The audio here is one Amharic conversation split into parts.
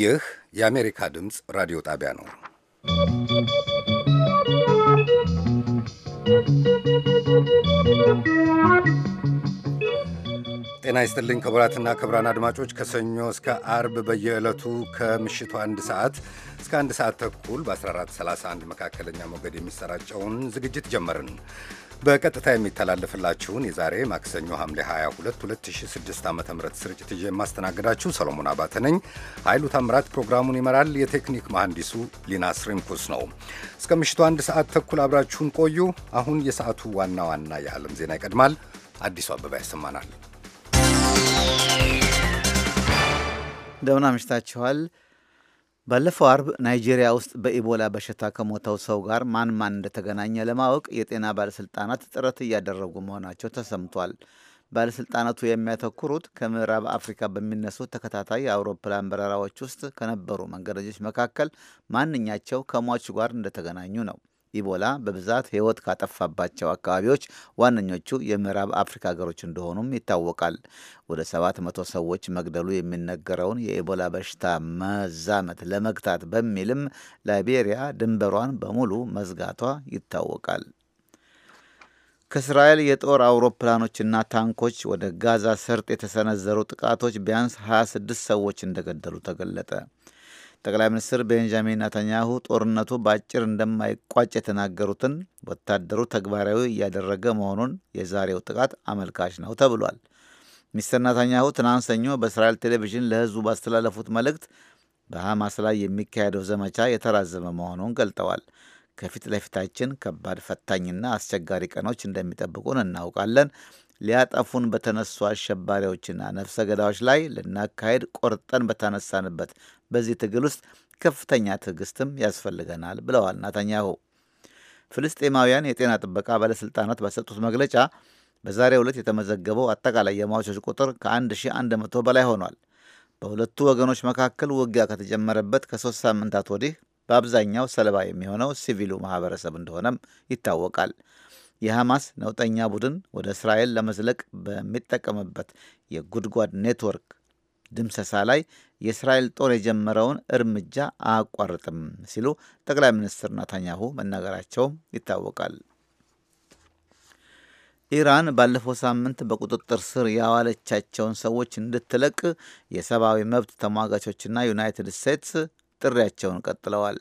ይህ የአሜሪካ ድምፅ ራዲዮ ጣቢያ ነው። ጤና ይስጥልኝ ክቡራትና ክቡራን አድማጮች ከሰኞ እስከ አርብ በየዕለቱ ከምሽቱ አንድ ሰዓት እስከ አንድ ሰዓት ተኩል በ1431 መካከለኛ ሞገድ የሚሰራጨውን ዝግጅት ጀመርን። በቀጥታ የሚተላለፍላችሁን የዛሬ ማክሰኞ ሐምሌ 22 2006 ዓ ም ስርጭት ይዤ የማስተናግዳችሁ ሰሎሞን አባተ ነኝ። ኃይሉ ታምራት ፕሮግራሙን ይመራል። የቴክኒክ መሐንዲሱ ሊና ስሪንኩስ ነው። እስከ ምሽቱ አንድ ሰዓት ተኩል አብራችሁን ቆዩ። አሁን የሰዓቱ ዋና ዋና የዓለም ዜና ይቀድማል። አዲሱ አበባ ያሰማናል። እንደምን አምሽታችኋል። ባለፈው አርብ ናይጄሪያ ውስጥ በኢቦላ በሽታ ከሞተው ሰው ጋር ማን ማን እንደተገናኘ ለማወቅ የጤና ባለሥልጣናት ጥረት እያደረጉ መሆናቸው ተሰምቷል። ባለሥልጣናቱ የሚያተኩሩት ከምዕራብ አፍሪካ በሚነሱ ተከታታይ የአውሮፕላን በረራዎች ውስጥ ከነበሩ መንገደኞች መካከል ማንኛቸው ከሟቹ ጋር እንደተገናኙ ነው። ኢቦላ በብዛት ሕይወት ካጠፋባቸው አካባቢዎች ዋነኞቹ የምዕራብ አፍሪካ ሀገሮች እንደሆኑም ይታወቃል። ወደ 700 ሰዎች መግደሉ የሚነገረውን የኢቦላ በሽታ መዛመት ለመግታት በሚልም ላይቤሪያ ድንበሯን በሙሉ መዝጋቷ ይታወቃል። ከእስራኤል የጦር አውሮፕላኖችና ታንኮች ወደ ጋዛ ሰርጥ የተሰነዘሩ ጥቃቶች ቢያንስ 26 ሰዎች እንደገደሉ ተገለጠ። ጠቅላይ ሚኒስትር ቤንጃሚን ነተንያሁ ጦርነቱ በአጭር እንደማይቋጭ የተናገሩትን ወታደሩ ተግባራዊ እያደረገ መሆኑን የዛሬው ጥቃት አመልካች ነው ተብሏል። ሚስተር ነተንያሁ ትናንት ሰኞ በእስራኤል ቴሌቪዥን ለሕዝቡ ባስተላለፉት መልእክት በሐማስ ላይ የሚካሄደው ዘመቻ የተራዘመ መሆኑን ገልጠዋል። ከፊት ለፊታችን ከባድ ፈታኝና አስቸጋሪ ቀኖች እንደሚጠብቁን እናውቃለን። ሊያጠፉን በተነሱ አሸባሪዎችና ነፍሰ ገዳዮች ላይ ልናካሄድ ቆርጠን በተነሳንበት በዚህ ትግል ውስጥ ከፍተኛ ትዕግስትም ያስፈልገናል ብለዋል ናታኛሁ። ፍልስጤማውያን የጤና ጥበቃ ባለሥልጣናት በሰጡት መግለጫ በዛሬ ዕለት የተመዘገበው አጠቃላይ የሟቾች ቁጥር ከ1100 በላይ ሆኗል። በሁለቱ ወገኖች መካከል ውጊያ ከተጀመረበት ከሶስት ሳምንታት ወዲህ በአብዛኛው ሰለባ የሚሆነው ሲቪሉ ማህበረሰብ እንደሆነም ይታወቃል። የሐማስ ነውጠኛ ቡድን ወደ እስራኤል ለመዝለቅ በሚጠቀምበት የጉድጓድ ኔትወርክ ድምሰሳ ላይ የእስራኤል ጦር የጀመረውን እርምጃ አያቋርጥም ሲሉ ጠቅላይ ሚኒስትር ናታኛሁ መናገራቸውም ይታወቃል። ኢራን ባለፈው ሳምንት በቁጥጥር ስር ያዋለቻቸውን ሰዎች እንድትለቅ የሰብአዊ መብት ተሟጋቾችና ዩናይትድ ስቴትስ ጥሪያቸውን ቀጥለዋል።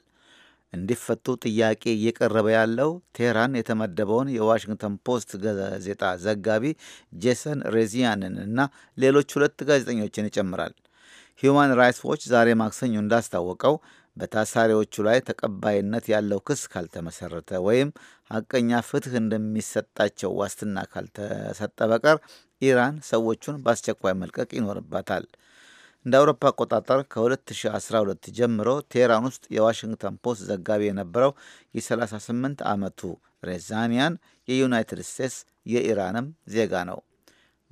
እንዲፈቱ ጥያቄ እየቀረበ ያለው ቴህራን የተመደበውን የዋሽንግተን ፖስት ጋዜጣ ዘጋቢ ጄሰን ሬዚያንን እና ሌሎች ሁለት ጋዜጠኞችን ይጨምራል። ሂዩማን ራይትስ ዎች ዛሬ ማክሰኞ እንዳስታወቀው በታሳሪዎቹ ላይ ተቀባይነት ያለው ክስ ካልተመሰረተ ወይም ሐቀኛ ፍትህ እንደሚሰጣቸው ዋስትና ካልተሰጠ በቀር ኢራን ሰዎቹን በአስቸኳይ መልቀቅ ይኖርባታል። እንደ አውሮፓ አቆጣጠር ከ2012 ጀምሮ ቴህራን ውስጥ የዋሽንግተን ፖስት ዘጋቢ የነበረው የ38 ዓመቱ ሬዛኒያን የዩናይትድ ስቴትስ የኢራንም ዜጋ ነው።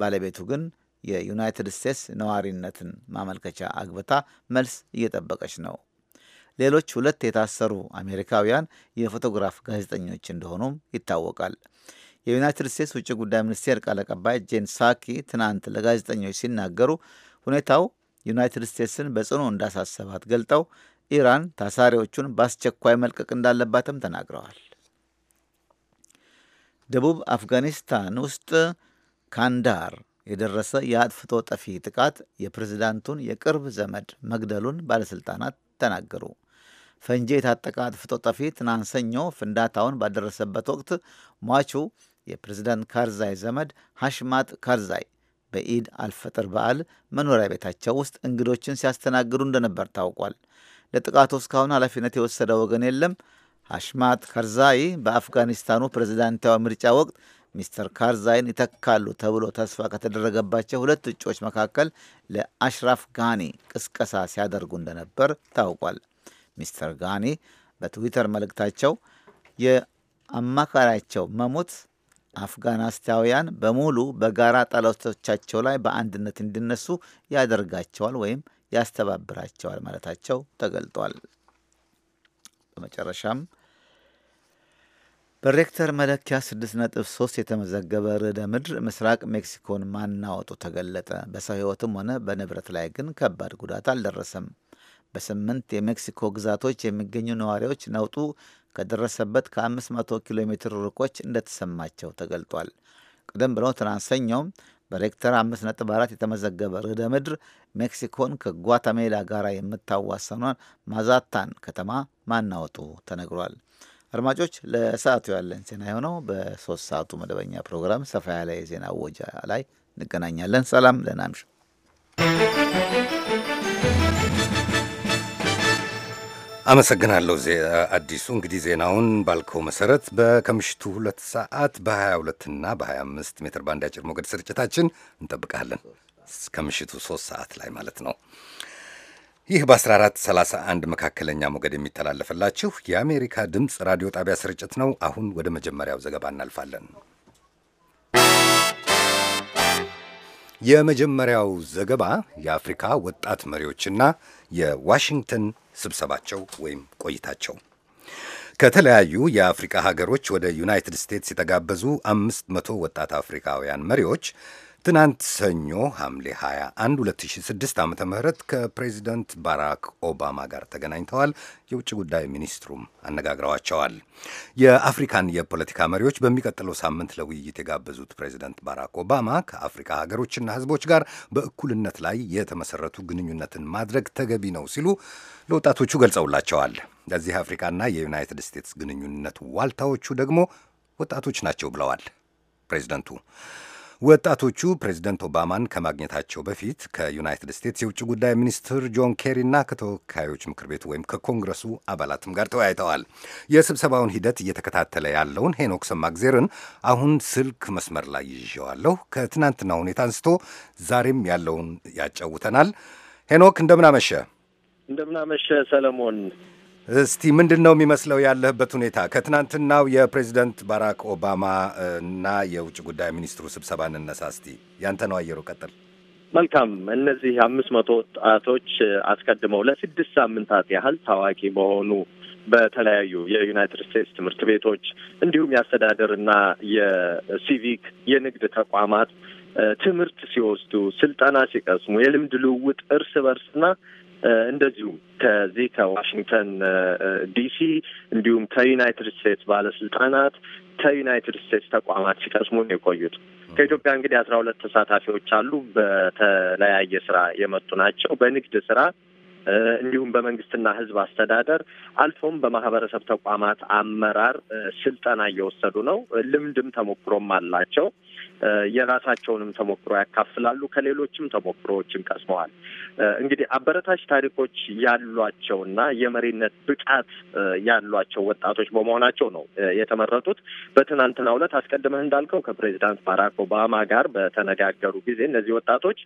ባለቤቱ ግን የዩናይትድ ስቴትስ ነዋሪነትን ማመልከቻ አግብታ መልስ እየጠበቀች ነው። ሌሎች ሁለት የታሰሩ አሜሪካውያን የፎቶግራፍ ጋዜጠኞች እንደሆኑም ይታወቃል። የዩናይትድ ስቴትስ ውጭ ጉዳይ ሚኒስቴር ቃል አቀባይ ጄን ሳኪ ትናንት ለጋዜጠኞች ሲናገሩ ሁኔታው ዩናይትድ ስቴትስን በጽኑ እንዳሳሰባት ገልጠው ኢራን ታሳሪዎቹን በአስቸኳይ መልቀቅ እንዳለባትም ተናግረዋል። ደቡብ አፍጋኒስታን ውስጥ ካንዳር የደረሰ የአጥፍቶ ጠፊ ጥቃት የፕሬዝዳንቱን የቅርብ ዘመድ መግደሉን ባለሥልጣናት ተናገሩ። ፈንጂ የታጠቀ አጥፍቶ ጠፊ ትናንት ሰኞ ፍንዳታውን ባደረሰበት ወቅት ሟቹ የፕሬዝዳንት ካርዛይ ዘመድ ሐሽማት ካርዛይ በኢድ አልፈጥር በዓል መኖሪያ ቤታቸው ውስጥ እንግዶችን ሲያስተናግዱ እንደነበር ታውቋል። ለጥቃቱ እስካሁን ኃላፊነት የወሰደ ወገን የለም። ሐሽማት ካርዛይ በአፍጋኒስታኑ ፕሬዝዳንታዊ ምርጫ ወቅት ሚስተር ካርዛይን ይተካሉ ተብሎ ተስፋ ከተደረገባቸው ሁለት እጩዎች መካከል ለአሽራፍ ጋኒ ቅስቀሳ ሲያደርጉ እንደነበር ታውቋል። ሚስተር ጋኒ በትዊተር መልእክታቸው የአማካሪያቸው መሞት አፍጋናስታውያን በሙሉ በጋራ ጠላቶቻቸው ላይ በአንድነት እንዲነሱ ያደርጋቸዋል ወይም ያስተባብራቸዋል ማለታቸው ተገልጧል። በመጨረሻም በሬክተር መለኪያ 6.3 የተመዘገበ ርዕደ ምድር ምስራቅ ሜክሲኮን ማናወጡ ተገለጠ። በሰው ሕይወትም ሆነ በንብረት ላይ ግን ከባድ ጉዳት አልደረሰም። በስምንት የሜክሲኮ ግዛቶች የሚገኙ ነዋሪዎች ነውጡ ከደረሰበት ከ500 ኪሎ ሜትር ርቆች እንደተሰማቸው ተገልጧል። ቀደም ብለው ትናንት ሰኞም በሬክተር 5.4 የተመዘገበ ርዕደ ምድር ሜክሲኮን ከጓታሜላ ጋር የምታዋሰኗን ማዛታን ከተማ ማናወጡ ተነግሯል። አድማጮች ለሰዓቱ ያለን ዜና የሆነው በሶስት ሰዓቱ መደበኛ ፕሮግራም ሰፋ ያለ የዜና አወጃ ላይ እንገናኛለን። ሰላም ለናምሽ አመሰግናለሁ አዲሱ። እንግዲህ ዜናውን ባልከው መሰረት ከምሽቱ ሁለት ሰዓት በ22 እና በ25 ሜትር ባንድ አጭር ሞገድ ስርጭታችን እንጠብቃለን። ከምሽቱ ሶስት ሰዓት ላይ ማለት ነው። ይህ በ1431 መካከለኛ ሞገድ የሚተላለፍላችሁ የአሜሪካ ድምፅ ራዲዮ ጣቢያ ስርጭት ነው። አሁን ወደ መጀመሪያው ዘገባ እናልፋለን። የመጀመሪያው ዘገባ የአፍሪካ ወጣት መሪዎችና የዋሽንግተን ስብሰባቸው ወይም ቆይታቸው ከተለያዩ የአፍሪካ ሀገሮች ወደ ዩናይትድ ስቴትስ የተጋበዙ አምስት መቶ ወጣት አፍሪካውያን መሪዎች ትናንት ሰኞ ሐምሌ 21 2006 ዓ ም ከፕሬዚደንት ባራክ ኦባማ ጋር ተገናኝተዋል። የውጭ ጉዳይ ሚኒስትሩም አነጋግረዋቸዋል። የአፍሪካን የፖለቲካ መሪዎች በሚቀጥለው ሳምንት ለውይይት የጋበዙት ፕሬዚደንት ባራክ ኦባማ ከአፍሪካ ሀገሮችና ሕዝቦች ጋር በእኩልነት ላይ የተመሰረቱ ግንኙነትን ማድረግ ተገቢ ነው ሲሉ ለወጣቶቹ ገልጸውላቸዋል። ለዚህ አፍሪካና የዩናይትድ ስቴትስ ግንኙነት ዋልታዎቹ ደግሞ ወጣቶች ናቸው ብለዋል ፕሬዚደንቱ። ወጣቶቹ ፕሬዚደንት ኦባማን ከማግኘታቸው በፊት ከዩናይትድ ስቴትስ የውጭ ጉዳይ ሚኒስትር ጆን ኬሪና ከተወካዮች ምክር ቤቱ ወይም ከኮንግረሱ አባላትም ጋር ተወያይተዋል። የስብሰባውን ሂደት እየተከታተለ ያለውን ሄኖክ ሰማግዜርን አሁን ስልክ መስመር ላይ ይዤዋለሁ። ከትናንትና ሁኔታ አንስቶ ዛሬም ያለውን ያጫውተናል። ሄኖክ እንደምናመሸ እንደምናመሸ ሰለሞን እስቲ ምንድን ነው የሚመስለው ያለህበት ሁኔታ? ከትናንትናው የፕሬዚደንት ባራክ ኦባማ እና የውጭ ጉዳይ ሚኒስትሩ ስብሰባ እንነሳ እስቲ። ያንተ ነው አየሩ። ቀጥል። መልካም። እነዚህ አምስት መቶ ወጣቶች አስቀድመው ለስድስት ሳምንታት ያህል ታዋቂ በሆኑ በተለያዩ የዩናይትድ ስቴትስ ትምህርት ቤቶች እንዲሁም የአስተዳደርና የሲቪክ የንግድ ተቋማት ትምህርት ሲወስዱ፣ ስልጠና ሲቀስሙ፣ የልምድ ልውውጥ እርስ በርስና እንደዚሁም ከዚህ ከዋሽንግተን ዲሲ እንዲሁም ከዩናይትድ ስቴትስ ባለስልጣናት ከዩናይትድ ስቴትስ ተቋማት ሲቀስሙ ነው የቆዩት። ከኢትዮጵያ እንግዲህ አስራ ሁለት ተሳታፊዎች አሉ። በተለያየ ስራ የመጡ ናቸው። በንግድ ስራ እንዲሁም በመንግስትና ሕዝብ አስተዳደር አልፎም በማህበረሰብ ተቋማት አመራር ስልጠና እየወሰዱ ነው። ልምድም ተሞክሮም አላቸው። የራሳቸውንም ተሞክሮ ያካፍላሉ። ከሌሎችም ተሞክሮዎችን ቀስመዋል። እንግዲህ አበረታች ታሪኮች ያሏቸው እና የመሪነት ብቃት ያሏቸው ወጣቶች በመሆናቸው ነው የተመረጡት። በትናንትናው ዕለት አስቀድመህ እንዳልከው ከፕሬዚዳንት ባራክ ኦባማ ጋር በተነጋገሩ ጊዜ እነዚህ ወጣቶች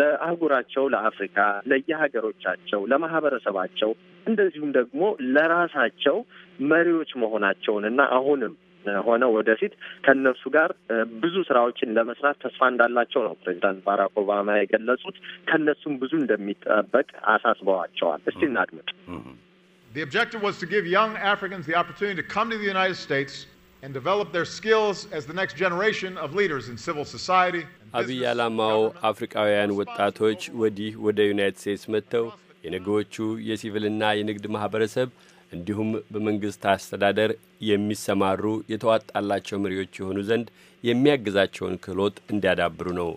ለአህጉራቸው፣ ለአፍሪካ፣ ለየሀገሮቻቸው፣ ለማህበረሰባቸው እንደዚሁም ደግሞ ለራሳቸው መሪዎች መሆናቸውን እና አሁንም ሆነው ወደፊት ከእነሱ ጋር ብዙ ስራዎችን ለመስራት ተስፋ እንዳላቸው ነው ፕሬዚዳንት ባራክ ኦባማ የገለጹት። ከእነሱም ብዙ እንደሚጠበቅ አሳስበዋቸዋል። እስቲ እናድምጥ። The objective was to give young Africans the opportunity to come to the United States and develop their skills as the next generation of leaders in civil society. አብይ ዓላማው አፍሪካውያን ወጣቶች ወዲህ ወደ ዩናይትድ ስቴትስ መጥተው የነገዎቹ የሲቪልና የንግድ ማህበረሰብ እንዲሁም በመንግሥት አስተዳደር የሚሰማሩ የተዋጣላቸው መሪዎች የሆኑ ዘንድ የሚያግዛቸውን ክህሎት እንዲያዳብሩ ነው።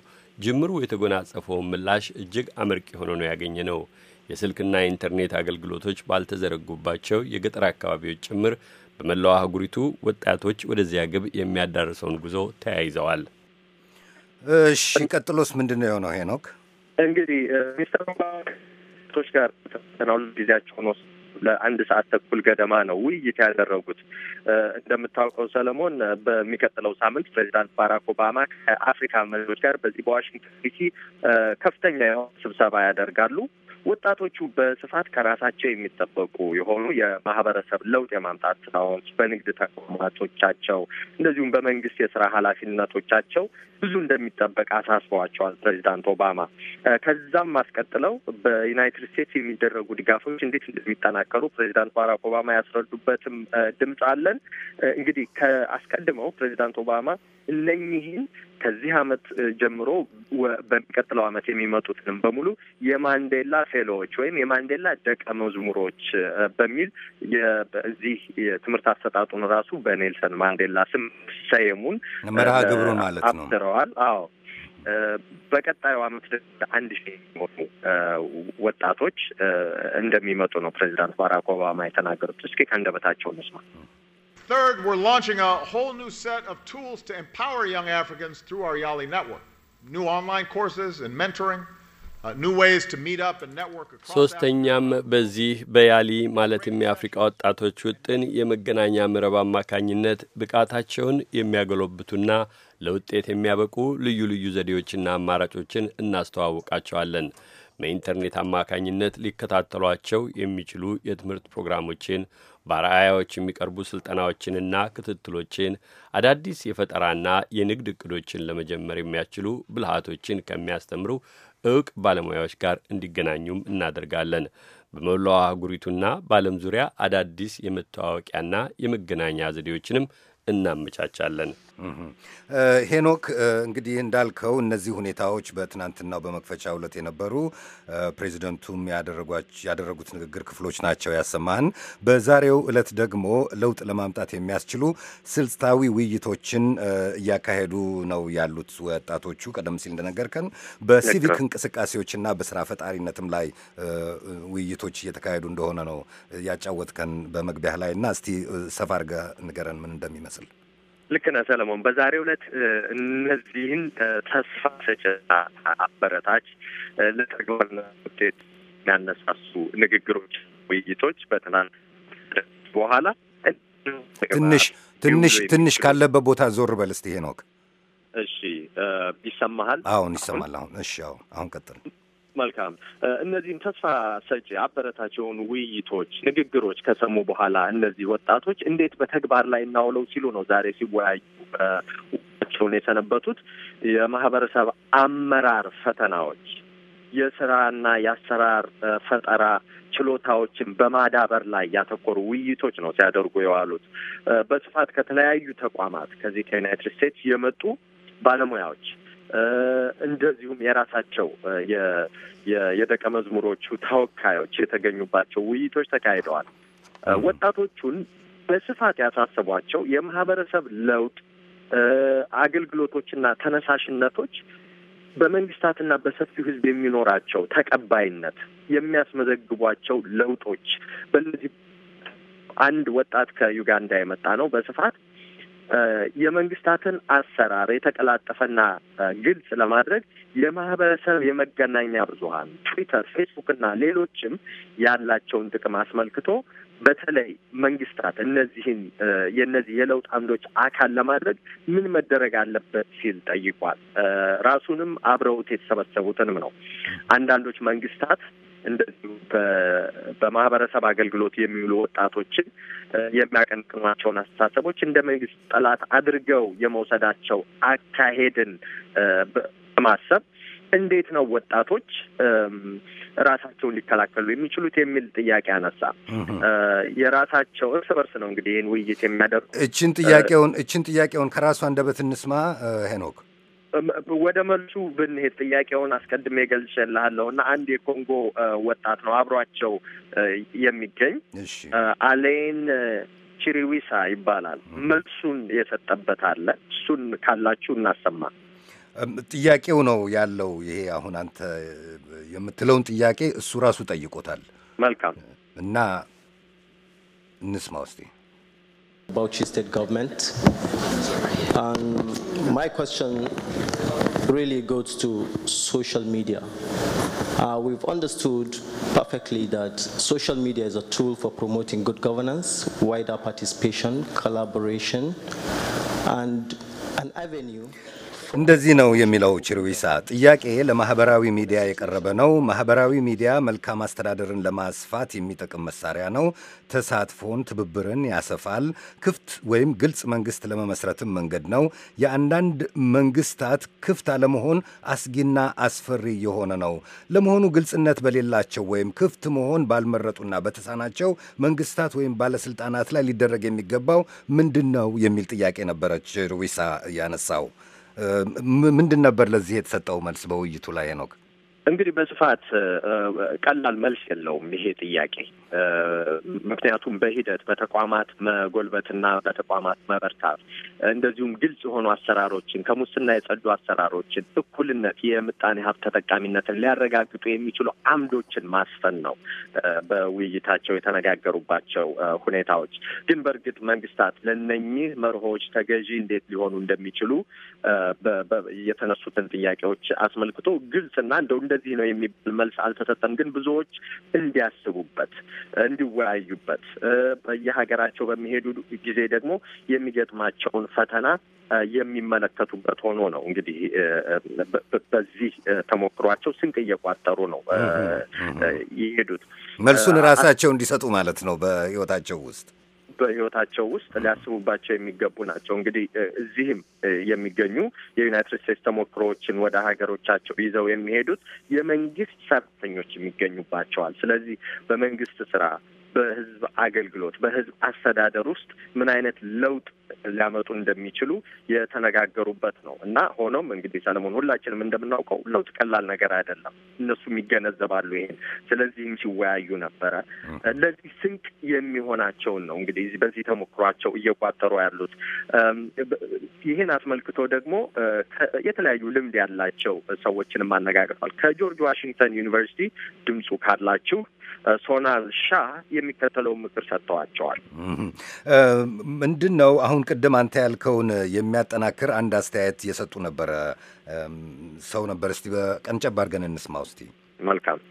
ጅምሩ የተጎናጸፈውን ምላሽ እጅግ አመርቂ ሆኖ ነው ያገኘ ነው። የስልክና የኢንተርኔት አገልግሎቶች ባልተዘረጉባቸው የገጠር አካባቢዎች ጭምር በመላው አህጉሪቱ ወጣቶች ወደዚያ ግብ የሚያዳርሰውን ጉዞ ተያይዘዋል። እሺ፣ ቀጥሎስ ምንድን ነው የሆነው ሄኖክ? እንግዲህ ሚስተር ጋር ተናሉ ጊዜያቸውን ወስ ለአንድ ሰዓት ተኩል ገደማ ነው ውይይት ያደረጉት። እንደምታውቀው ሰለሞን፣ በሚቀጥለው ሳምንት ፕሬዚዳንት ባራክ ኦባማ ከአፍሪካ መሪዎች ጋር በዚህ በዋሽንግተን ዲሲ ከፍተኛ የሆነ ስብሰባ ያደርጋሉ። ወጣቶቹ በስፋት ከራሳቸው የሚጠበቁ የሆኑ የማህበረሰብ ለውጥ የማምጣት ስራዎች በንግድ ተቋማቶቻቸው እንደዚሁም በመንግስት የስራ ኃላፊነቶቻቸው ብዙ እንደሚጠበቅ አሳስበዋቸዋል ፕሬዚዳንት ኦባማ። ከዛም አስቀጥለው በዩናይትድ ስቴትስ የሚደረጉ ድጋፎች እንዴት እንደሚጠናከሩ ፕሬዚዳንት ባራክ ኦባማ ያስረዱበትም ድምፅ አለን። እንግዲህ ከአስቀድመው ፕሬዚዳንት ኦባማ እነኚህን ከዚህ አመት ጀምሮ በሚቀጥለው አመት የሚመጡትንም በሙሉ የማንዴላ ፌሎዎች ወይም የማንዴላ ደቀ መዝሙሮች በሚል እዚህ የትምህርት አሰጣጡን ራሱ በኔልሰን ማንዴላ ስም ሰየሙን መርሃ ግብሩ ማለት ነው አብስረዋል። አዎ በቀጣዩ አመት አንድ ሺህ የሚሆኑ ወጣቶች እንደሚመጡ ነው ፕሬዚዳንት ባራክ ኦባማ የተናገሩት። እስኪ ከአንደበታቸው እንስማ። Third, we're launching a whole new set of tools to empower young Africans through our YALI network. New online courses and mentoring, uh, ሶስተኛም በዚህ በያሊ ማለትም የአፍሪቃ ወጣቶች ውጥን የመገናኛ መረብ አማካኝነት ብቃታቸውን የሚያጎለብቱና ለውጤት የሚያበቁ ልዩ ልዩ ዘዴዎችና አማራጮችን እናስተዋውቃቸዋለን። በኢንተርኔት አማካኝነት ሊከታተሏቸው የሚችሉ የትምህርት ፕሮግራሞችን በአርአያዎች የሚቀርቡ ስልጠናዎችንና ክትትሎችን አዳዲስ የፈጠራና የንግድ እቅዶችን ለመጀመር የሚያስችሉ ብልሃቶችን ከሚያስተምሩ እውቅ ባለሙያዎች ጋር እንዲገናኙም እናደርጋለን። በመላው አህጉሪቱና በዓለም ዙሪያ አዳዲስ የመተዋወቂያና የመገናኛ ዘዴዎችንም እናመቻቻለን። ሄኖክ እንግዲህ እንዳልከው እነዚህ ሁኔታዎች በትናንትናው በመክፈቻ ዕለት የነበሩ ፕሬዚደንቱም ያደረጉት ንግግር ክፍሎች ናቸው ያሰማህን። በዛሬው ዕለት ደግሞ ለውጥ ለማምጣት የሚያስችሉ ስልታዊ ውይይቶችን እያካሄዱ ነው ያሉት ወጣቶቹ። ቀደም ሲል እንደነገርከን በሲቪክ እንቅስቃሴዎችና በስራ ፈጣሪነትም ላይ ውይይቶች እየተካሄዱ እንደሆነ ነው ያጫወትከን በመግቢያ ላይ እና እስቲ ሰፋ አድርገህ ንገረን ምን እንደሚመስል። ልክ ነህ ሰለሞን። በዛሬው ዕለት እነዚህን ተስፋ ሰጭና አበረታች ለተግባር ውጤት ያነሳሱ ንግግሮች፣ ውይይቶች በትናንት በኋላ ትንሽ ትንሽ ትንሽ ካለበት ቦታ ዞር በል እስቲ ሄኖክ። እሺ ይሰማሃል? አሁን ይሰማል። አሁን እሺ፣ አሁን አሁን ቀጥል። መልካም። እነዚህም ተስፋ ሰጪ አበረታቸውን ውይይቶች፣ ንግግሮች ከሰሙ በኋላ እነዚህ ወጣቶች እንዴት በተግባር ላይ እናውለው ሲሉ ነው ዛሬ ሲወያዩ ቸውን የሰነበቱት። የማህበረሰብ አመራር ፈተናዎች፣ የስራና የአሰራር ፈጠራ ችሎታዎችን በማዳበር ላይ ያተኮሩ ውይይቶች ነው ሲያደርጉ የዋሉት በስፋት ከተለያዩ ተቋማት ከዚህ ከዩናይትድ ስቴትስ የመጡ ባለሙያዎች እንደዚሁም የራሳቸው የደቀ መዝሙሮቹ ተወካዮች የተገኙባቸው ውይይቶች ተካሂደዋል። ወጣቶቹን በስፋት ያሳሰቧቸው የማህበረሰብ ለውጥ አገልግሎቶችና ተነሳሽነቶች በመንግስታትና በሰፊው ሕዝብ የሚኖራቸው ተቀባይነት የሚያስመዘግቧቸው ለውጦች በእነዚህ አንድ ወጣት ከዩጋንዳ የመጣ ነው። በስፋት የመንግስታትን አሰራር የተቀላጠፈና ግልጽ ለማድረግ የማህበረሰብ የመገናኛ ብዙሀን ትዊተር፣ ፌስቡክ ና ሌሎችም ያላቸውን ጥቅም አስመልክቶ በተለይ መንግስታት እነዚህን የእነዚህ የለውጥ አምዶች አካል ለማድረግ ምን መደረግ አለበት ሲል ጠይቋል። ራሱንም አብረውት የተሰበሰቡትንም ነው። አንዳንዶች መንግስታት እንደዚሁ በማህበረሰብ አገልግሎት የሚውሉ ወጣቶችን የሚያቀንቅኗቸውን አስተሳሰቦች እንደ መንግስት ጠላት አድርገው የመውሰዳቸው አካሄድን በማሰብ እንዴት ነው ወጣቶች ራሳቸውን ሊከላከሉ የሚችሉት የሚል ጥያቄ አነሳ። የራሳቸው እርስ በርስ ነው እንግዲህ ይህን ውይይት የሚያደርጉ። እችን ጥያቄውን እችን ጥያቄውን ከራሱ አንደበት እንስማ ሄኖክ ወደ መልሱ ብንሄድ ጥያቄውን አስቀድሜ ገልጬልሃለሁ እና አንድ የኮንጎ ወጣት ነው አብሯቸው የሚገኝ አሌን ቺሪዊሳ ይባላል። መልሱን የሰጠበት አለ። እሱን ካላችሁ እናሰማ። ጥያቄው ነው ያለው ይሄ አሁን አንተ የምትለውን ጥያቄ እሱ ራሱ ጠይቆታል። መልካም እና እንስማ ውስጤ Bauchi State Government. my question really goes to social media. Uh, we've understood perfectly that social media is a tool for promoting good governance, wider participation, collaboration, and an avenue እንደዚህ ነው የሚለው ቺሩዊሳ። ጥያቄ ለማህበራዊ ሚዲያ የቀረበ ነው። ማህበራዊ ሚዲያ መልካም አስተዳደርን ለማስፋት የሚጠቅም መሳሪያ ነው። ተሳትፎን፣ ትብብርን ያሰፋል። ክፍት ወይም ግልጽ መንግስት ለመመስረትም መንገድ ነው። የአንዳንድ መንግስታት ክፍት አለመሆን አስጊና አስፈሪ የሆነ ነው። ለመሆኑ ግልጽነት በሌላቸው ወይም ክፍት መሆን ባልመረጡና በተሳናቸው መንግስታት ወይም ባለስልጣናት ላይ ሊደረግ የሚገባው ምንድን ነው የሚል ጥያቄ ነበረች ቺሩዊሳ ያነሳው። ምንድን ነበር ለዚህ የተሰጠው መልስ በውይይቱ ላይ ሄኖክ? እንግዲህ በስፋት ቀላል መልስ የለውም ይሄ ጥያቄ። ምክንያቱም በሂደት በተቋማት መጎልበትና በተቋማት መበርታት እንደዚሁም ግልጽ የሆኑ አሰራሮችን ከሙስና የጸዱ አሰራሮችን፣ እኩልነት፣ የምጣኔ ሀብት ተጠቃሚነትን ሊያረጋግጡ የሚችሉ አምዶችን ማስፈን ነው በውይይታቸው የተነጋገሩባቸው ሁኔታዎች። ግን በእርግጥ መንግስታት ለነኚህ መርሆች ተገዢ እንዴት ሊሆኑ እንደሚችሉ የተነሱትን ጥያቄዎች አስመልክቶ ግልጽና እንደው እንደ እንደዚህ ነው የሚባል መልስ አልተሰጠም። ግን ብዙዎች እንዲያስቡበት፣ እንዲወያዩበት በየሀገራቸው በሚሄዱ ጊዜ ደግሞ የሚገጥማቸውን ፈተና የሚመለከቱበት ሆኖ ነው እንግዲህ በዚህ ተሞክሯቸው ስንቅ እየቋጠሩ ነው ይሄዱት መልሱን ራሳቸው እንዲሰጡ ማለት ነው በህይወታቸው ውስጥ በህይወታቸው ውስጥ ሊያስቡባቸው የሚገቡ ናቸው። እንግዲህ እዚህም የሚገኙ የዩናይትድ ስቴትስ ተሞክሮዎችን ወደ ሀገሮቻቸው ይዘው የሚሄዱት የመንግስት ሰራተኞች የሚገኙባቸዋል። ስለዚህ በመንግስት ስራ በህዝብ አገልግሎት በህዝብ አስተዳደር ውስጥ ምን አይነት ለውጥ ሊያመጡ እንደሚችሉ የተነጋገሩበት ነው እና ሆኖም እንግዲህ ሰለሞን፣ ሁላችንም እንደምናውቀው ለውጥ ቀላል ነገር አይደለም። እነሱም ይገነዘባሉ ይሄን። ስለዚህም ሲወያዩ ነበረ። ለዚህ ስንቅ የሚሆናቸውን ነው እንግዲህ በዚህ ተሞክሯቸው እየቋጠሩ ያሉት። ይህን አስመልክቶ ደግሞ የተለያዩ ልምድ ያላቸው ሰዎችንም አነጋግረዋል። ከጆርጅ ዋሽንግተን ዩኒቨርሲቲ ድምፁ ካላችሁ ሶናል ሻ የሚከተለው ምክር ሰጥተዋቸዋል። ምንድን ነው አሁን ቅድም አንተ ያልከውን የሚያጠናክር አንድ አስተያየት የሰጡ ነበረ ሰው ነበር። እስቲ በቀንጨብ አድርገን እንስማ። ውስቲ መልካም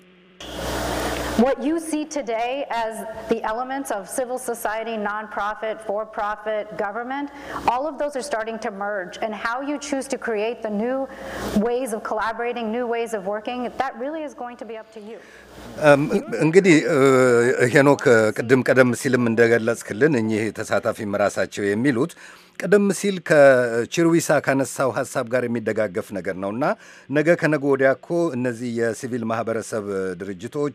What you see today as the elements of civil society, nonprofit, for-profit, government, all of those are starting to merge. And how you choose to create the new ways of collaborating, new ways of working, that really is going to be up to you. እንግዲህ ሄኖክ ቅድም ቀደም ሲልም እንደገለጽክልን እኚህ ተሳታፊም ራሳቸው የሚሉት ቀደም ሲል ከቺርዊሳ ካነሳው ሀሳብ ጋር የሚደጋገፍ ነገር ነው እና ነገ ከነገ ወዲያ እኮ እነዚህ የሲቪል ማህበረሰብ ድርጅቶች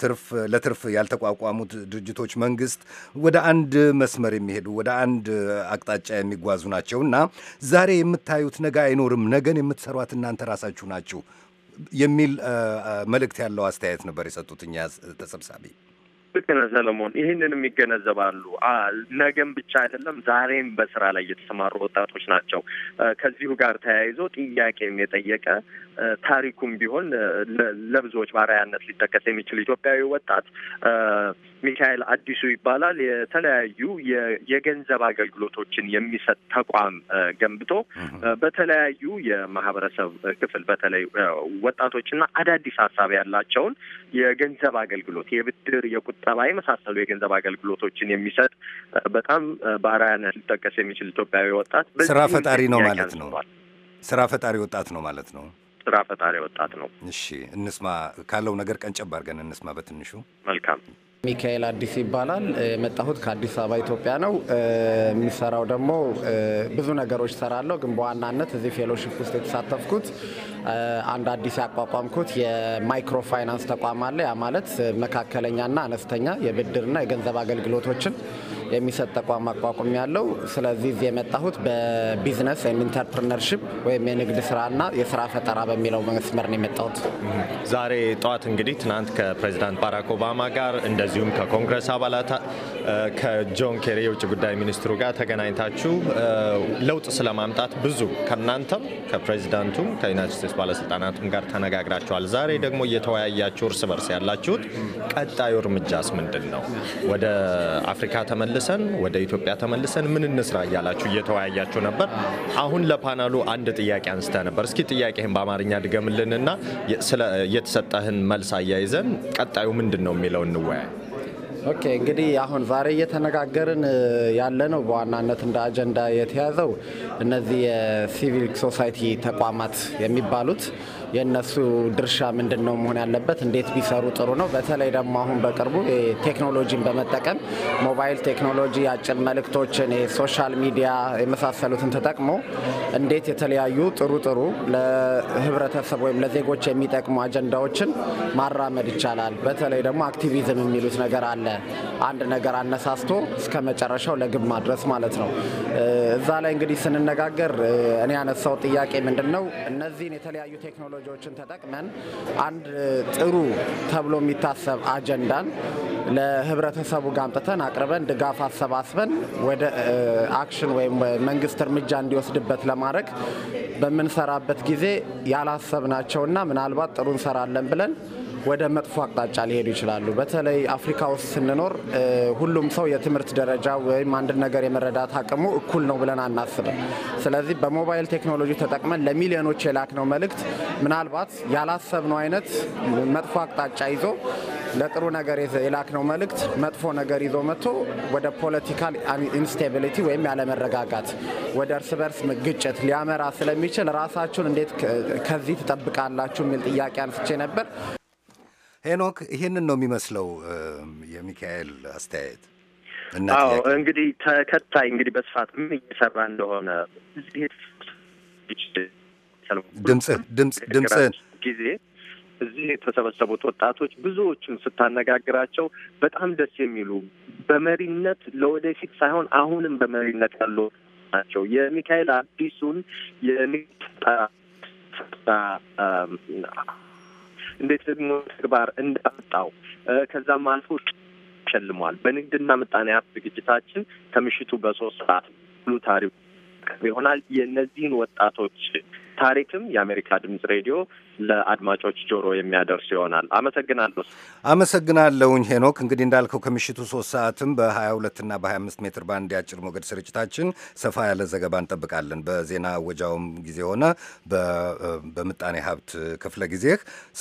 ትርፍ ለትርፍ ያልተቋቋሙት ድርጅቶች መንግስት ወደ አንድ መስመር የሚሄዱ ወደ አንድ አቅጣጫ የሚጓዙ ናቸው እና ዛሬ የምታዩት ነገ አይኖርም፣ ነገን የምትሰሯት እናንተ ራሳችሁ ናችሁ የሚል መልእክት ያለው አስተያየት ነበር የሰጡት እኛ ተሰብሳቢ ልክ ነህ ሰለሞን። ይህንንም ይገነዘባሉ። ነገም ብቻ አይደለም ዛሬም በስራ ላይ የተሰማሩ ወጣቶች ናቸው። ከዚሁ ጋር ተያይዞ ጥያቄም የጠየቀ ታሪኩም ቢሆን ለብዙዎች ባርያነት ሊጠቀስ የሚችል ኢትዮጵያዊ ወጣት ሚካኤል አዲሱ ይባላል። የተለያዩ የገንዘብ አገልግሎቶችን የሚሰጥ ተቋም ገንብቶ በተለያዩ የማህበረሰብ ክፍል በተለይ ወጣቶችና አዳዲስ ሀሳብ ያላቸውን የገንዘብ አገልግሎት የብድር፣ የቁጠባ የመሳሰሉ የገንዘብ አገልግሎቶችን የሚሰጥ በጣም ባራያነት ሊጠቀስ የሚችል ኢትዮጵያዊ ወጣት ስራ ፈጣሪ ነው ማለት ነው። ስራ ፈጣሪ ወጣት ነው ማለት ነው። ስራ ፈጣሪ ወጣት ነው። እሺ እንስማ፣ ካለው ነገር ቀንጨብ አድርገን እንስማ በትንሹ። መልካም። ሚካኤል አዲስ ይባላል። የመጣሁት ከአዲስ አበባ ኢትዮጵያ ነው። የሚሰራው ደግሞ ብዙ ነገሮች ሰራለሁ፣ ግን በዋናነት እዚህ ፌሎሽፕ ውስጥ የተሳተፍኩት አንድ አዲስ ያቋቋምኩት የማይክሮ ፋይናንስ ተቋም አለ። ያ ማለት መካከለኛና አነስተኛ የብድርና የገንዘብ አገልግሎቶችን የሚሰጥ ተቋም አቋቁም ያለው። ስለዚህ እዚህ የመጣሁት በቢዝነስ ወይም ኢንተርፕርነርሽፕ ወይም የንግድ ስራና የስራ ፈጠራ በሚለው መስመር ነው የመጣሁት። ዛሬ ጠዋት እንግዲህ ትናንት ከፕሬዚዳንት ባራክ ኦባማ ጋር እንደዚሁም ከኮንግረስ አባላት ከጆን ኬሪ የውጭ ጉዳይ ሚኒስትሩ ጋር ተገናኝታችሁ ለውጥ ስለማምጣት ብዙ ከእናንተም ከፕሬዚዳንቱም ከዩናይትድ ስቴትስ ባለስልጣናቱም ጋር ተነጋግራችኋል። ዛሬ ደግሞ እየተወያያችሁ እርስ በርስ ያላችሁት ቀጣዩ እርምጃስ ምንድን ነው? ወደ አፍሪካ ተመለ ተመልሰን ወደ ኢትዮጵያ ተመልሰን ምን እንስራ እያላችሁ እየተወያያችሁ ነበር። አሁን ለፓናሉ አንድ ጥያቄ አንስተ ነበር። እስኪ ጥያቄህን በአማርኛ ድገምልንና የተሰጠህን መልስ አያይዘን ቀጣዩ ምንድን ነው የሚለው እንወያይ። ኦኬ እንግዲህ አሁን ዛሬ እየተነጋገርን ያለ ነው በዋናነት እንደ አጀንዳ የተያዘው እነዚህ የሲቪል ሶሳይቲ ተቋማት የሚባሉት የእነሱ ድርሻ ምንድን ነው መሆን ያለበት፣ እንዴት ቢሰሩ ጥሩ ነው። በተለይ ደግሞ አሁን በቅርቡ ቴክኖሎጂን በመጠቀም ሞባይል ቴክኖሎጂ፣ አጭር መልእክቶችን፣ ሶሻል ሚዲያ የመሳሰሉትን ተጠቅሞ እንዴት የተለያዩ ጥሩ ጥሩ ለህብረተሰብ ወይም ለዜጎች የሚጠቅሙ አጀንዳዎችን ማራመድ ይቻላል። በተለይ ደግሞ አክቲቪዝም የሚሉት ነገር አለ። አንድ ነገር አነሳስቶ እስከ መጨረሻው ለግብ ማድረስ ማለት ነው። እዛ ላይ እንግዲህ ስንነጋገር እኔ ያነሳው ጥያቄ ምንድን ነው እነዚህን የተለያዩ ቴክኖሎጂ ቴክኖሎጂዎችን ተጠቅመን አንድ ጥሩ ተብሎ የሚታሰብ አጀንዳን ለህብረተሰቡ ጋምጥተን አቅርበን ድጋፍ አሰባስበን ወደ አክሽን ወይም መንግስት እርምጃ እንዲወስድበት ለማድረግ በምንሰራበት ጊዜ ያላሰብናቸውና ምናልባት ጥሩ እንሰራለን ብለን ወደ መጥፎ አቅጣጫ ሊሄዱ ይችላሉ። በተለይ አፍሪካ ውስጥ ስንኖር ሁሉም ሰው የትምህርት ደረጃ ወይም አንድን ነገር የመረዳት አቅሙ እኩል ነው ብለን አናስብም። ስለዚህ በሞባይል ቴክኖሎጂ ተጠቅመን ለሚሊዮኖች የላክነው መልእክት ምናልባት ያላሰብነው አይነት መጥፎ አቅጣጫ ይዞ ለጥሩ ነገር የላክነው መልእክት መጥፎ ነገር ይዞ መጥቶ ወደ ፖለቲካል ኢንስቴቢሊቲ ወይም ያለመረጋጋት፣ ወደ እርስ በርስ ግጭት ሊያመራ ስለሚችል ራሳችሁን እንዴት ከዚህ ትጠብቃላችሁ የሚል ጥያቄ አንስቼ ነበር። ሄኖክ ይህንን ነው የሚመስለው የሚካኤል አስተያየት። አዎ እንግዲህ ተከታይ እንግዲህ በስፋት ምን እየሰራ እንደሆነ ድምፅህን ጊዜ እዚህ የተሰበሰቡት ወጣቶች ብዙዎቹን ስታነጋግራቸው በጣም ደስ የሚሉ በመሪነት ለወደፊት ሳይሆን አሁንም በመሪነት ያሉ ናቸው። የሚካኤል አዲሱን የንግድ እንዴት ደግሞ ተግባር እንዳመጣው ከዛም አልፎ ሸልሟል። በንግድና ምጣኔ ሀብት ዝግጅታችን ከምሽቱ በሶስት ሰዓት ሙሉ ታሪክ ይሆናል። የእነዚህን ወጣቶች ታሪክም የአሜሪካ ድምጽ ሬዲዮ ለአድማጮች ጆሮ የሚያደርስ ይሆናል። አመሰግናለሁ። አመሰግናለሁኝ ሄኖክ። እንግዲህ እንዳልከው ከምሽቱ ሶስት ሰዓትም በ22 ና በ25 ሜትር ባንድ የአጭር ሞገድ ስርጭታችን ሰፋ ያለ ዘገባ እንጠብቃለን። በዜና ወጃውም ጊዜ ሆነ በምጣኔ ሀብት ክፍለ ጊዜህ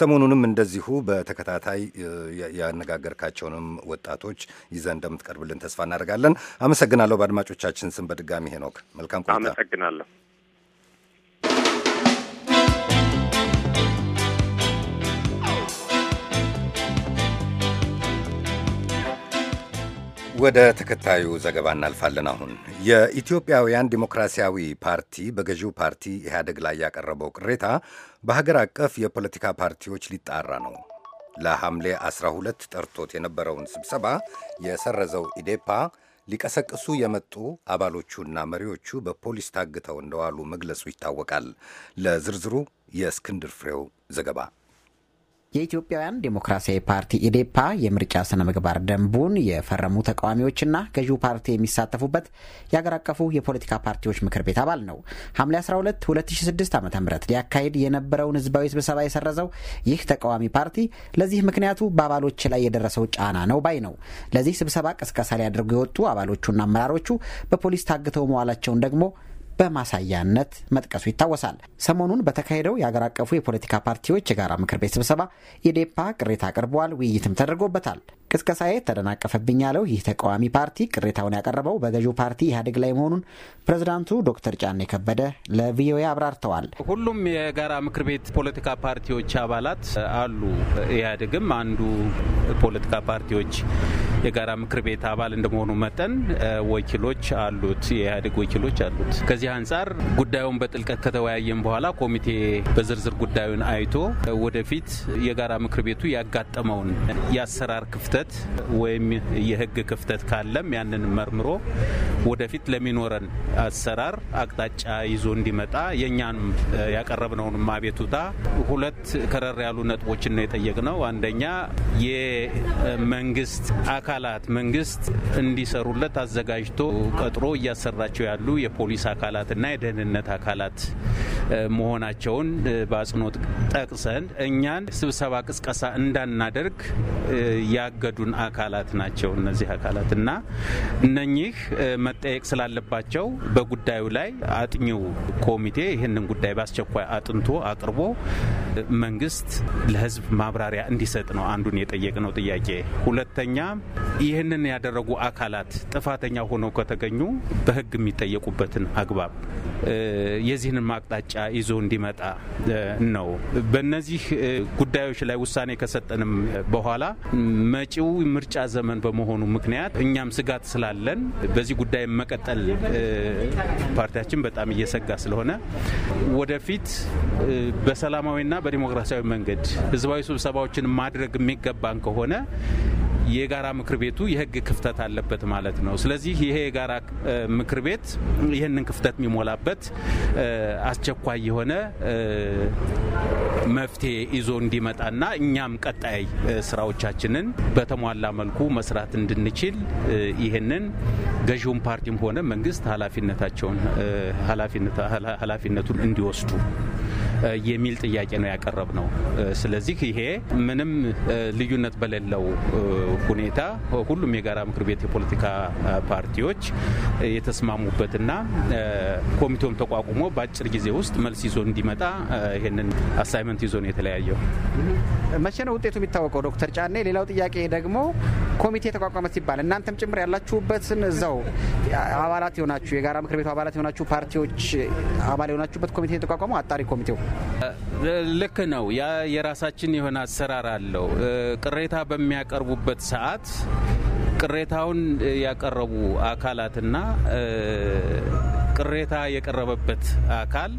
ሰሞኑንም እንደዚሁ በተከታታይ ያነጋገርካቸውንም ወጣቶች ይዘ እንደምትቀርብልን ተስፋ እናደርጋለን። አመሰግናለሁ። በአድማጮቻችን ስም በድጋሚ ሄኖክ መልካም ቆይታ። አመሰግናለሁ። ወደ ተከታዩ ዘገባ እናልፋለን። አሁን የኢትዮጵያውያን ዲሞክራሲያዊ ፓርቲ በገዢው ፓርቲ ኢህአደግ ላይ ያቀረበው ቅሬታ በሀገር አቀፍ የፖለቲካ ፓርቲዎች ሊጣራ ነው። ለሐምሌ 12 ጠርቶት የነበረውን ስብሰባ የሰረዘው ኢዴፓ ሊቀሰቅሱ የመጡ አባሎቹና መሪዎቹ በፖሊስ ታግተው እንደዋሉ መግለጹ ይታወቃል። ለዝርዝሩ የእስክንድር ፍሬው ዘገባ የኢትዮጵያውያን ዴሞክራሲያዊ ፓርቲ ኢዴፓ የምርጫ ስነ ምግባር ደንቡን የፈረሙ ተቃዋሚዎችና ገዢው ፓርቲ የሚሳተፉበት የአገር አቀፉ የፖለቲካ ፓርቲዎች ምክር ቤት አባል ነው። ሐምሌ 12 2006 ዓ ም ሊያካሄድ የነበረውን ህዝባዊ ስብሰባ የሰረዘው ይህ ተቃዋሚ ፓርቲ ለዚህ ምክንያቱ በአባሎች ላይ የደረሰው ጫና ነው ባይ ነው። ለዚህ ስብሰባ ቅስቀሳ ሊያደርጉ የወጡ አባሎቹና አመራሮቹ በፖሊስ ታግተው መዋላቸውን ደግሞ በማሳያነት መጥቀሱ ይታወሳል። ሰሞኑን በተካሄደው የአገር አቀፉ የፖለቲካ ፓርቲዎች የጋራ ምክር ቤት ስብሰባ ኢዴፓ ቅሬታ አቅርበዋል። ውይይትም ተደርጎበታል። ቅስቀሳዬ ተደናቀፈብኝ ያለው ይህ ተቃዋሚ ፓርቲ ቅሬታውን ያቀረበው በገዢው ፓርቲ ኢህአዴግ ላይ መሆኑን ፕሬዝዳንቱ ዶክተር ጫኔ ከበደ ለቪኦኤ አብራርተዋል። ሁሉም የጋራ ምክር ቤት ፖለቲካ ፓርቲዎች አባላት አሉ። ኢህአዴግም አንዱ ፖለቲካ ፓርቲዎች የጋራ ምክር ቤት አባል እንደመሆኑ መጠን ወኪሎች አሉት፣ የኢህአዴግ ወኪሎች አሉት። ከዚህ አንጻር ጉዳዩን በጥልቀት ከተወያየም በኋላ ኮሚቴ በዝርዝር ጉዳዩን አይቶ ወደፊት የጋራ ምክር ቤቱ ያጋጠመውን የአሰራር ክፍት ክፍተት ወይም የህግ ክፍተት ካለም ያንን መርምሮ ወደፊት ለሚኖረን አሰራር አቅጣጫ ይዞ እንዲመጣ የእኛን ያቀረብነውንም አቤቱታ ሁለት ከረር ያሉ ነጥቦችን ነው የጠየቅነው። አንደኛ የመንግስት አካላት መንግስት እንዲሰሩለት አዘጋጅቶ ቀጥሮ እያሰራቸው ያሉ የፖሊስ አካላትና የደህንነት አካላት መሆናቸውን በአጽንኦት ጠቅሰን እኛን ስብሰባ ቅስቀሳ እንዳናደርግ ያገ የረገዱን አካላት ናቸው። እነዚህ አካላት እና እነኚህ መጠየቅ ስላለባቸው በጉዳዩ ላይ አጥኚው ኮሚቴ ይህንን ጉዳይ በአስቸኳይ አጥንቶ አቅርቦ መንግስት ለህዝብ ማብራሪያ እንዲሰጥ ነው አንዱን የጠየቅነው ጥያቄ። ሁለተኛ ይህንን ያደረጉ አካላት ጥፋተኛ ሆነው ከተገኙ በህግ የሚጠየቁበትን አግባብ የዚህንም አቅጣጫ ይዞ እንዲመጣ ነው። በእነዚህ ጉዳዮች ላይ ውሳኔ ከሰጠንም በኋላ መቼ መጪው ምርጫ ዘመን በመሆኑ ምክንያት እኛም ስጋት ስላለን በዚህ ጉዳይ መቀጠል ፓርቲያችን በጣም እየሰጋ ስለሆነ ወደፊት በሰላማዊና በዲሞክራሲያዊ መንገድ ህዝባዊ ስብሰባዎችን ማድረግ የሚገባን ከሆነ የጋራ ምክር ቤቱ የህግ ክፍተት አለበት ማለት ነው። ስለዚህ ይሄ የጋራ ምክር ቤት ይህንን ክፍተት የሚሞላበት አስቸኳይ የሆነ መፍትሄ ይዞ እንዲመጣና እኛም ቀጣይ ስራዎቻችንን በተሟላ መልኩ መስራት እንድንችል ይህንን ገዢውን ፓርቲም ሆነ መንግስት ኃላፊነታቸውን ኃላፊነቱን እንዲወስዱ የሚል ጥያቄ ነው ያቀረብ ነው። ስለዚህ ይሄ ምንም ልዩነት በሌለው ሁኔታ ሁሉም የጋራ ምክር ቤት የፖለቲካ ፓርቲዎች የተስማሙበትና ኮሚቴውም ተቋቁሞ በአጭር ጊዜ ውስጥ መልስ ይዞ እንዲመጣ ይህንን አሳይመንት ይዞ ነው የተለያየው። መቼ ነው ውጤቱ የሚታወቀው? ዶክተር ጫኔ፣ ሌላው ጥያቄ ደግሞ ኮሚቴ ተቋቋመ ሲባል እናንተም ጭምር ያላችሁበትን እዛው አባላት የሆናችሁ የጋራ ምክር ቤቱ አባላት የሆናችሁ ፓርቲዎች አባል የሆናችሁበት ኮሚቴ የተቋቋመው አጣሪ ኮሚቴው ልክ ነው። ያ የራሳችን የሆነ አሰራር አለው። ቅሬታ በሚያቀርቡበት ሰዓት ቅሬታውን ያቀረቡ አካላትና ቅሬታ የቀረበበት አካል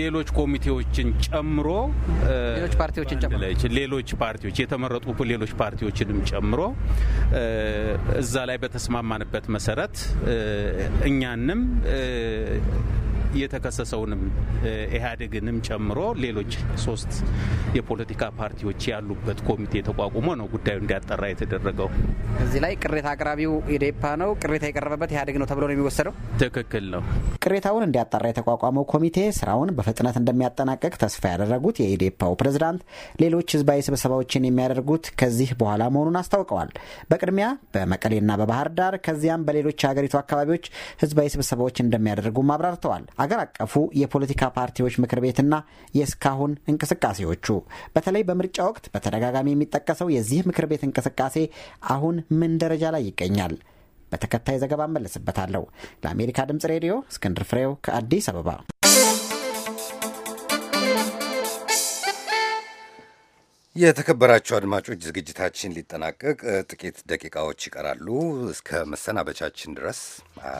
ሌሎች ኮሚቴዎችን ጨምሮ ሌሎች ፓርቲዎችን ጨምሮ ሌሎች ፓርቲዎች የተመረጡ ሌሎች ፓርቲዎችንም ጨምሮ እዛ ላይ በተስማማንበት መሰረት እኛንም የተከሰሰውንም ኢህአዴግንም ጨምሮ ሌሎች ሶስት የፖለቲካ ፓርቲዎች ያሉበት ኮሚቴ ተቋቁሞ ነው ጉዳዩ እንዲያጠራ የተደረገው። እዚህ ላይ ቅሬታ አቅራቢው ኢዴፓ ነው፣ ቅሬታ የቀረበበት ኢህአዴግ ነው ተብሎ ነው የሚወሰደው። ትክክል ነው። ቅሬታውን እንዲያጠራ የተቋቋመው ኮሚቴ ስራውን በፍጥነት እንደሚያጠናቀቅ ተስፋ ያደረጉት የኢዴፓው ፕሬዝዳንት ሌሎች ህዝባዊ ስብሰባዎችን የሚያደርጉት ከዚህ በኋላ መሆኑን አስታውቀዋል። በቅድሚያ በመቀሌና በባህር ዳር ከዚያም በሌሎች የሀገሪቱ አካባቢዎች ህዝባዊ ስብሰባዎች እንደሚያደርጉም አብራርተዋል። አገር አቀፉ የፖለቲካ ፓርቲዎች ምክር ቤትና የእስካሁን እንቅስቃሴዎቹ በተለይ በምርጫ ወቅት በተደጋጋሚ የሚጠቀሰው የዚህ ምክር ቤት እንቅስቃሴ አሁን ምን ደረጃ ላይ ይገኛል? በተከታይ ዘገባ እመለስበታለሁ። ለአሜሪካ ድምፅ ሬዲዮ እስክንድር ፍሬው ከአዲስ አበባ የተከበራችሁ አድማጮች ዝግጅታችን ሊጠናቀቅ ጥቂት ደቂቃዎች ይቀራሉ። እስከ መሰናበቻችን ድረስ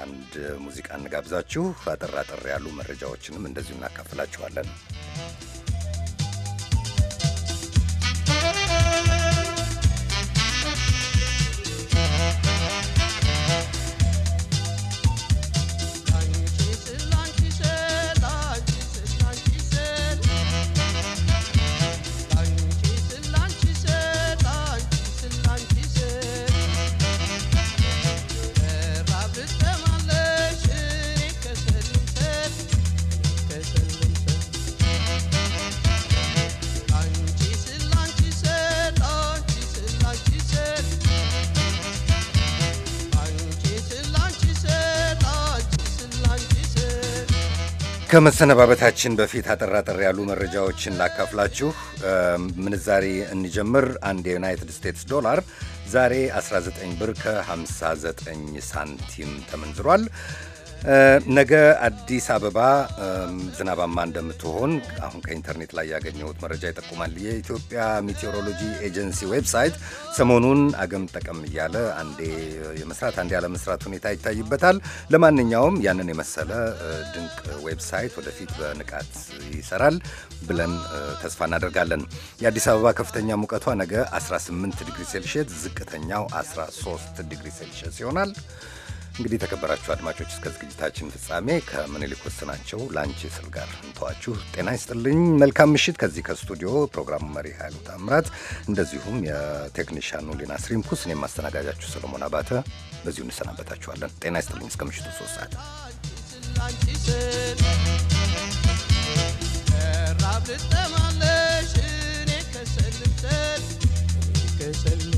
አንድ ሙዚቃ እንጋብዛችሁ። አጠር አጠር ያሉ መረጃዎችንም እንደዚሁ እናካፍላችኋለን። ከመሰነባበታችን በፊት አጠር ያሉ መረጃዎችን ላካፍላችሁ። ምንዛሬ እንጀምር። አንድ የዩናይትድ ስቴትስ ዶላር ዛሬ 19 ብር ከ59 ሳንቲም ተመንዝሯል። ነገ አዲስ አበባ ዝናባማ እንደምትሆን አሁን ከኢንተርኔት ላይ ያገኘሁት መረጃ ይጠቁማል። የኢትዮጵያ ሜቴዎሮሎጂ ኤጀንሲ ዌብሳይት ሰሞኑን አገም ጠቀም እያለ አንዴ የመስራት አንዴ ያለመስራት ሁኔታ ይታይበታል። ለማንኛውም ያንን የመሰለ ድንቅ ዌብሳይት ወደፊት በንቃት ይሰራል ብለን ተስፋ እናደርጋለን። የአዲስ አበባ ከፍተኛ ሙቀቷ ነገ 18 ዲግሪ ሴልሽየስ፣ ዝቅተኛው 13 ዲግሪ ሴልሽየስ ይሆናል። እንግዲህ ተከበራችሁ አድማጮች እስከ ዝግጅታችን ፍጻሜ ከምኒልክ ወስናቸው ላንቺ ስል ጋር እንተዋችሁ። ጤና ይስጥልኝ። መልካም ምሽት። ከዚህ ከስቱዲዮ ፕሮግራሙ መሪ ኃይሉ ታምራት፣ እንደዚሁም የቴክኒሻኑ ሊና ስሪምኩስ፣ እኔም ማስተናጋጃችሁ ሰለሞን አባተ በዚሁ እንሰናበታችኋለን። ጤና ይስጥልኝ። እስከ ምሽቱ ሶስት ሰዓት ራብ ልጠማለሽ እኔ